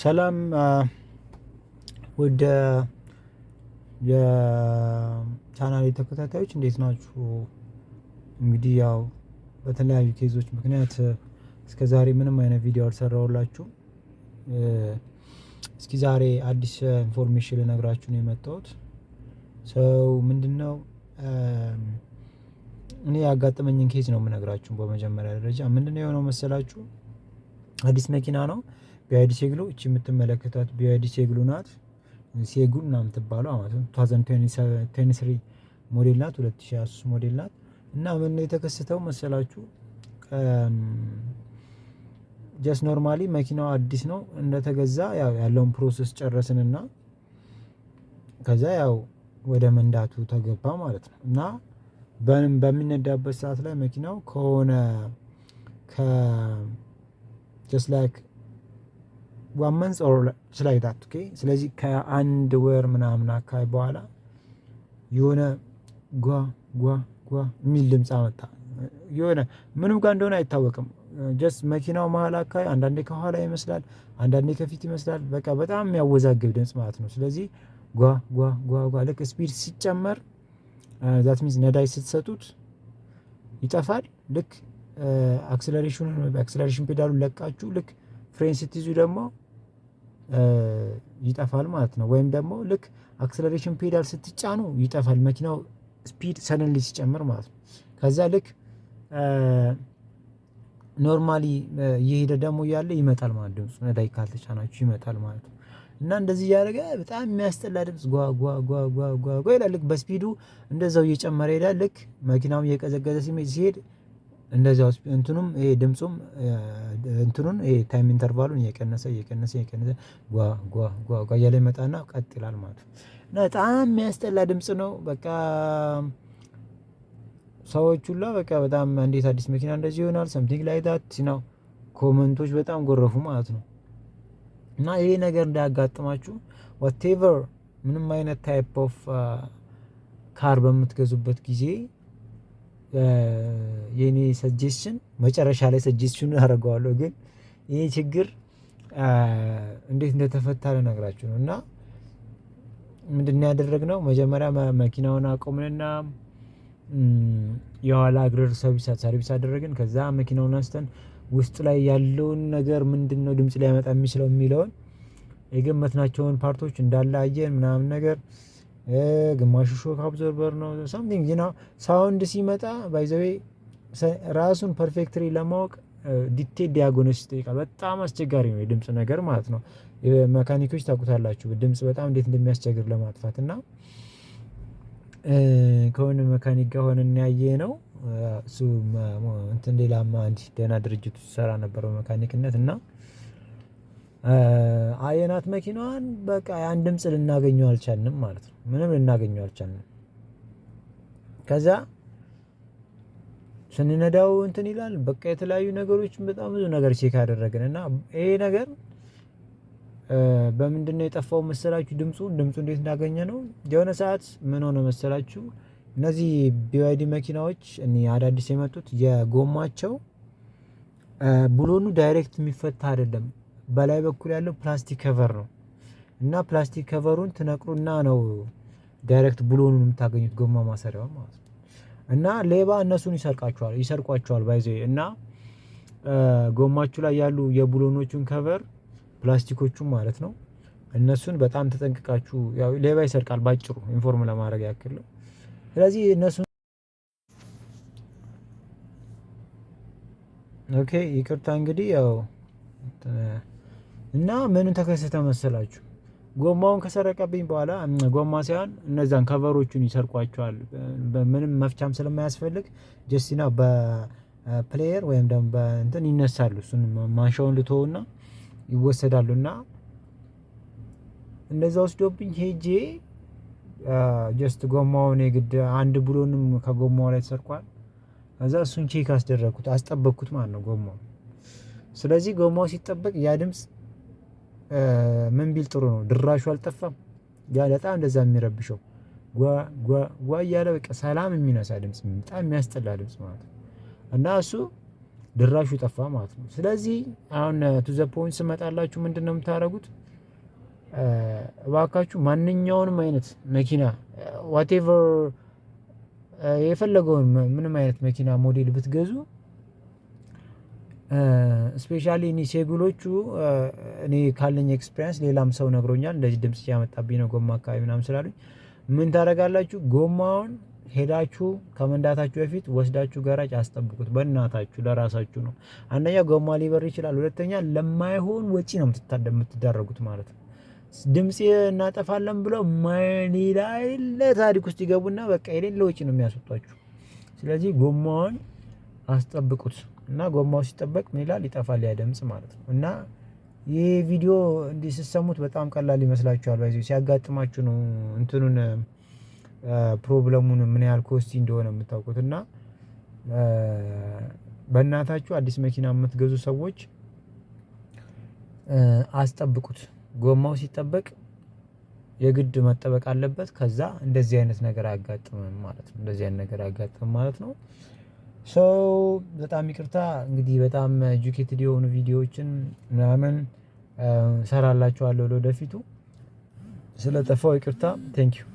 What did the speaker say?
ሰላም ወደ የቻናል ተከታታዮች እንዴት ናችሁ? እንግዲህ ያው በተለያዩ ኬዞች ምክንያት እስከ ዛሬ ምንም አይነት ቪዲዮ አልሰራውላችሁ? እስኪ ዛሬ አዲስ ኢንፎርሜሽን ልነግራችሁ ነው የመጣሁት። ሰው ምንድን ነው እኔ ያጋጠመኝን ኬዝ ነው የምነግራችሁ። በመጀመሪያ ደረጃ ምንድን ነው የሆነው መሰላችሁ? አዲስ መኪና ነው ቢዋይዲ ሴግሎ እቺ የምትመለከቷት ቢዋይዲ ሴግሎ ናት። ሴጉል ናም ትባለው ማለት ነው። 2023 ሞዴል ናት። 2023 ሞዴል ናት እና ምን ነው የተከሰተው መሰላችሁ? ጀስት ኖርማሊ መኪናው አዲስ ነው እንደተገዛ ያው ያለውን ፕሮሰስ ጨረስንና ከዛ ያው ወደ መንዳቱ ተገባ ማለት ነው እና በምን በሚነዳበት ሰዓት ላይ መኪናው ከሆነ ከ ከጀስት ላይክ ዋን መንዝ ኦር ስላይት አት ኦኬ። ስለዚህ ከአንድ ወር ምናምን አካባቢ በኋላ የሆነ ጓ ጓ ጓ የሚል ድምፅ አመጣ። የሆነ ምንም ጋር እንደሆነ አይታወቅም። ጀስት መኪናው መሀል አካባቢ አንዳንዴ ከኋላ ይመስላል፣ አንዳንዴ ከፊት ይመስላል። በቃ በጣም የሚያወዛግብ ድምፅ ማለት ነው። ስለዚህ ጓ ጓ ጓ ጓ ልክ ስፒድ ሲጨመር ዛት ሚንስ ነዳጅ ስትሰጡት ይጠፋል። ልክ አክስለሬሽኑን አክስለሬሽን ፔዳሉን ለቃችሁ ልክ ፍሬን ስትይዙ ደግሞ ይጠፋል ማለት ነው። ወይም ደግሞ ልክ አክስለሬሽን ፔዳል ስትጫኑ ይጠፋል መኪናው ስፒድ ሰደንሊ ሲጨምር ማለት ነው። ከዛ ልክ ኖርማሊ እየሄደ ደግሞ እያለ ይመጣል ማለት ድምፁ ነዳጅ ካልተጫናችሁ ይመጣል ማለት ነው። እና እንደዚህ እያደረገ በጣም የሚያስጠላ ድምፅ ጓጓጓጓጓ ይላል። ልክ በስፒዱ እንደዛው እየጨመረ ይሄዳል። ልክ መኪናውም እየቀዘገዘ ሲሄድ እንደዚያው እንትኑም ይሄ ድምጹም እንትኑን ይሄ ታይም ኢንተርቫሉን እየቀነሰ እየቀነሰ እየቀነሰ ጓ ጓ ጓ ጓ እያለ ይመጣና ቀጥ ይላል ማለት ነው። በጣም የሚያስጠላ ድምጽ ነው። በቃ ሰዎች ሁላ በቃ በጣም እንዴት አዲስ መኪና እንደዚህ ይሆናል ሰምቲንግ ላይ ዳት ነው ኮመንቶች በጣም ጎረፉ ማለት ነው። እና ይሄ ነገር እንዳያጋጥማችሁ ዋቴቨር ምንም አይነት ታይፕ ኦፍ ካር በምትገዙበት ጊዜ የኔ ሰጀስሽን መጨረሻ ላይ ሰጀስሽኑን አደርገዋለሁ ግን ይሄ ችግር እንዴት እንደተፈታ ልነግራችሁ ነው። እና ያደረግ ነው መጀመሪያ መኪናውን አቆምንና የኋላ እግር ሰርቪስ አደረግን። ከዛ መኪናውን አንስተን ውስጥ ላይ ያለውን ነገር ምንድነው ድምጽ ሊያመጣ የሚችለው የሚለውን የገመትናቸውን ፓርቶች እንዳለ አየን ምናምን ነገር ግማሹ ሾክ አብዞርበር ነው። ሳምቲንግ ና ሳውንድ ሲመጣ ባይዘዌ ራሱን ፐርፌክትሪ ለማወቅ ዲቴል ዲያጎኖስ ይጠይቃል። በጣም አስቸጋሪ ነው የድምፅ ነገር ማለት ነው። መካኒኮች ታውቁታላችሁ፣ ድምፅ በጣም እንዴት እንደሚያስቸግር ለማጥፋት እና ከሆነ መካኒክ ጋር ሆነ እናያየ ነው እሱ እንትን ሌላማ አንድ ደህና ድርጅቱ ሰራ ነበረው መካኒክነት እና አየናት መኪናዋን በቃ ያን ድምፅ ልናገኘው አልቻልንም ማለት ነው። ምንም ልናገኘው አልቻልንም። ከዛ ስንነዳው እንትን ይላል በቃ የተለያዩ ነገሮችን በጣም ብዙ ነገር ቼክ አደረግን እና ይሄ ነገር በምንድን ነው የጠፋው መሰላችሁ? ድምፁ ድምፁ እንዴት እንዳገኘ ነው። የሆነ ሰዓት ምን ሆነ መሰላችሁ? እነዚህ ቢዋይዲ መኪናዎች እኔ አዳዲስ የመጡት የጎማቸው ብሎኑ ዳይሬክት የሚፈታ አይደለም በላይ በኩል ያለው ፕላስቲክ ከቨር ነው እና ፕላስቲክ ከቨሩን ትነቅሩና ነው ዳይሬክት ብሎኑን የምታገኙት ጎማ ማሰሪያው ማለት ነው። እና ሌባ እነሱን ይሰርቃቸዋል ይሰርቋቸዋል ባይዘ እና ጎማቹ ላይ ያሉ የብሎኖቹን ከቨር ፕላስቲኮቹን ማለት ነው እነሱን በጣም ተጠንቅቃችሁ ያው ሌባ ይሰርቃል ባጭሩ ኢንፎርም ለማድረግ ያክል ነው። ስለዚህ እነሱን ኦኬ ይቅርታ እንግዲህ ያው እና ምንን ተከሰተ መሰላችሁ? ጎማውን ከሰረቀብኝ በኋላ ጎማ ሳይሆን እነዛን ከቨሮቹን ይሰርቋቸዋል። ምንም መፍቻም ስለማያስፈልግ ጀስቲና በፕሌየር ወይም ደግሞ በእንትን ይነሳሉ። እሱን ማንሻውን ልትሆና ይወሰዳሉ። እና እንደዛ ወስዶብኝ ሄጄ ጀስት ጎማውን የግድ አንድ ብሎንም ከጎማው ላይ ተሰርቋል። ከዛ እሱን ቼክ አስደረግኩት፣ አስጠበቅኩት ማለት ነው ጎማው። ስለዚህ ጎማው ሲጠበቅ ያ ድምፅ ምን ቢል ጥሩ ነው ድራሹ አልጠፋም ያ በጣም እንደዛ የሚረብሸው ጓ ጓ ጓ እያለ በቃ ሰላም የሚነሳ ድምጽ በጣም የሚያስጠላ ድምጽ ማለት ነው። እና እሱ ድራሹ ጠፋ ማለት ነው። ስለዚህ አሁን ቱ ዘ ፖይንት ስመጣላችሁ ምንድነው የምታደርጉት? እባካችሁ ማንኛውንም አይነት መኪና ዋቴቨር የፈለገውን ምንም አይነት መኪና ሞዴል ብትገዙ እስፔሻሊ እኒ ሴጉሎቹ እኔ ካለኝ ኤክስፔሪንስ ሌላም ሰው ነግሮኛል። እንደዚህ ድምጽ እያመጣብኝ ነው ጎማ አካባቢ ምናምን ስላሉኝ ምን ታደርጋላችሁ? ጎማውን ሄዳችሁ ከመንዳታችሁ በፊት ወስዳችሁ ጋራጅ አስጠብቁት። በእናታችሁ ለራሳችሁ ነው። አንደኛ ጎማ ሊበር ይችላል፣ ሁለተኛ ለማይሆን ወጪ ነው የምትዳረጉት ማለት ነው። ድምፅ እናጠፋለን ብለው ሌላ ታሪክ ውስጥ ይገቡና በቃ የሌለ ወጪ ነው የሚያስወጧችሁ። ስለዚህ ጎማውን አስጠብቁት። እና ጎማው ሲጠበቅ ምን ይላል? ይጠፋል፣ ያ ማለት ነው። እና ይህ ቪዲዮ እንዲህ ስትሰሙት በጣም ቀላል ይመስላችኋል። ባይዚ ሲያጋጥማችሁ ነው እንትኑን ፕሮብለሙን ምን ያህል ኮስቲ እንደሆነ የምታውቁት። እና በእናታችሁ አዲስ መኪና የምትገዙ ሰዎች አስጠብቁት። ጎማው ሲጠበቅ የግድ መጠበቅ አለበት። ከዛ እንደዚህ አይነት ነገር አያጋጥምም ማለት ነው። እንደዚህ አይነት ነገር አያጋጥምም ማለት ነው። ሰው በጣም ይቅርታ እንግዲህ በጣም ኤጁኬትድ የሆኑ ቪዲዮዎችን ምናምን እሰራላችኋለሁ ለወደፊቱ ስለጠፋው ይቅርታ ቴንኪው